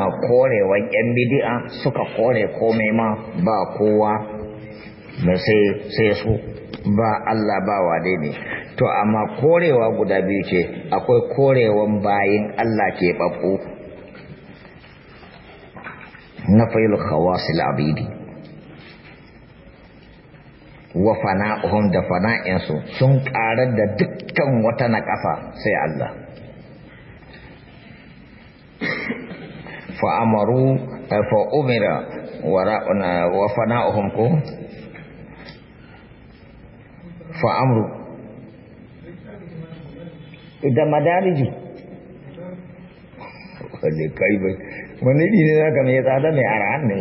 dama korewan yan bidi'a suka kore komai ma ba kowa da sai su ba Allah ba wane ne to amma korewa guda biyu ce akwai korewan bayin Allah ke babu na fayil khawasil abidi wa fana'uhum da fana'insu sun karar da dukkan wata na ƙasa sai Allah fa amaru fa'amaru eh, fa'umira wa fana'uhum ko fa'amru da madariji wani kai bai wani ɗi ne zaka mai tsada mai ara'an ne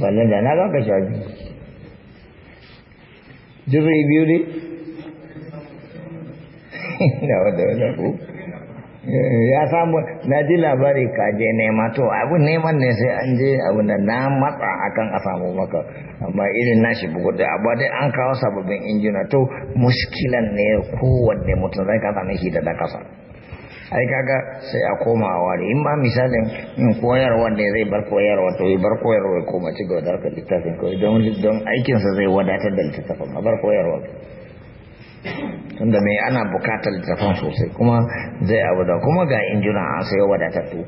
balle da na zaka sha shafi jirgin biyu ne na wadda wadda ku Eh, ya samu na ji labari ka je nema to abu neman ne sai an je abu da na matsa akan a samu maka amma irin nashi bugu da abu dai an kawo sababbin injina to muskilan ne kowanne mutum zai kasa same shi da kasa ai kaga sai a koma a ware in ba misalin in koyarwa ne zai bar koyarwa to bar koyarwa koma ci gaba da harkar littafin kawai don aikinsa zai wadatar da littafin a bar koyarwa tunda mai ana bukatar littafin sosai kuma zai abu da kuma ga injina a sai wadatattu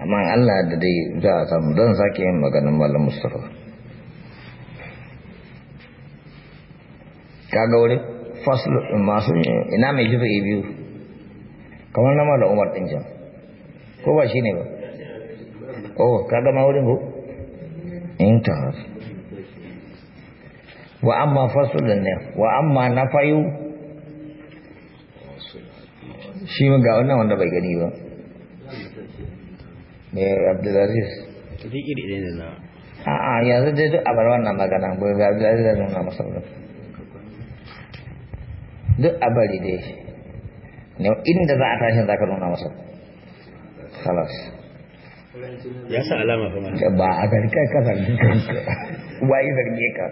amma Allah da dai za a samu don sake yin maganin malam Mustapha ga wuri faslu masu ina mai jufa biyu kamar na malam Umar din can ko ba shine ba oh kaga ma wurin ko in intihar wa amma fasulun ne wa amma na fayu shi ga wannan wanda bai gani ba ne abdulaziz iri da na a a yanzu dai duk abar wannan magana bai ga abdulaziz da nuna masa wurin duk abari dai ne inda za a tashin za ka nuna masa salas ya sa alama kuma ba a zargi kasar wai zarge ka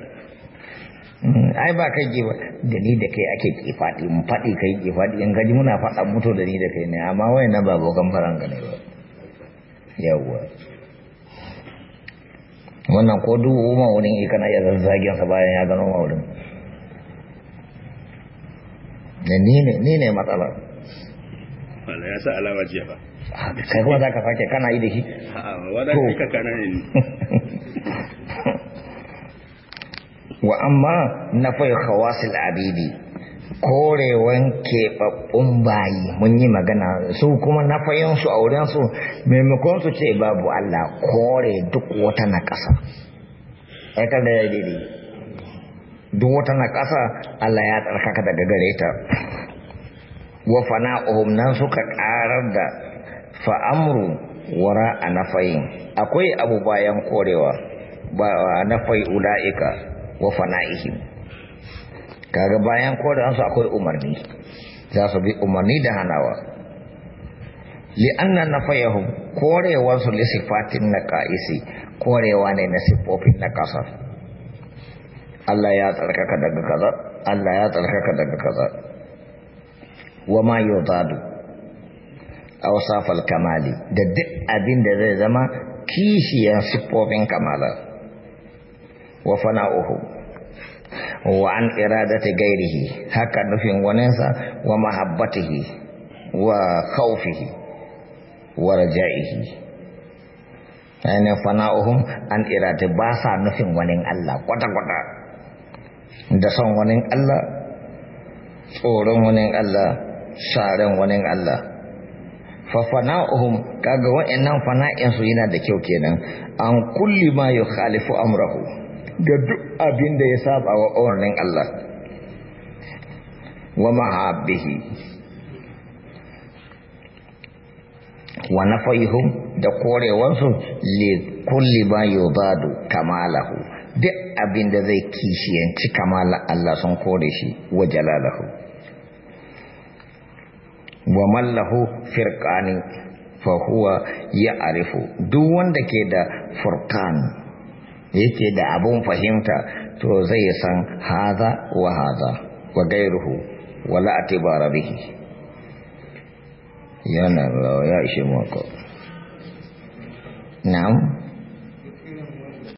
Mm, ai ba kai ke da ni da kai ake kifaɗi mun faɗi kai kifaɗi in gaji muna faɗa mutu da ni da kai ne amma wai na ba bokan faran ne ba yawwa wannan ko dubu ma wurin ikan ya zazzagen sa bayan ya gano ma wurin ne ni ne ni ne matsala wala ya sa alawa jiya ba ah, kai kuma zaka sake kana yi da shi a'a wanda kika kana ne wa amma na fai khawasil abidi korewan keɓaɓɓun bayi mun yi magana su kuma na fayinsu a wurinsu maimakon su ce babu Allah kore duk wata na ƙasa aikar da ya duk wata na ƙasa Allah ya tsarkaka daga gare ta wa fana'uhum nan suka ƙarar da fa'amru wara a nafayin akwai abu bayan korewa ba nafai ula'ika wa fana'ihim kaga bayan kodansu akwai umarni za su bi umarni da hanawa li'anna nafayahum su li sifatin naqaisi korewa ne na sifofin na naqasar Allah ya tsarkaka daga kaza Allah ya tsarkaka daga kaza wa ma yudadu awsafal kamali da duk abin da zai zama kishiyar sifofin kamala wa fana'uhu wa an iradati ghairihi haka nufin waninsa wa mahabbatihi wa khawfihi wa raja'ihi ana fana'uhum an iradati ba sa nufin wani Allah kwata-kwata da son wani Allah tsoron wani Allah sharen wani Allah fa fana'uhum kaga wa'annan su yana da kyau kenan an kulli ma yukhalifu amrahu ga duk abin da ya saba wa umarnin Allah wa mahabbihi wa nafaihum da korewansu le kulli ma yubadu kamalahu duk abin da zai kishiyanci kamala Allah sun kore shi wa jalalahu wa mallahu firqani fa ya arifu duk wanda ke da furkan. yake da abun fahimta to zai san haza wa haza wa gairuhu wala atibara bihi yana ya ishe mako na'am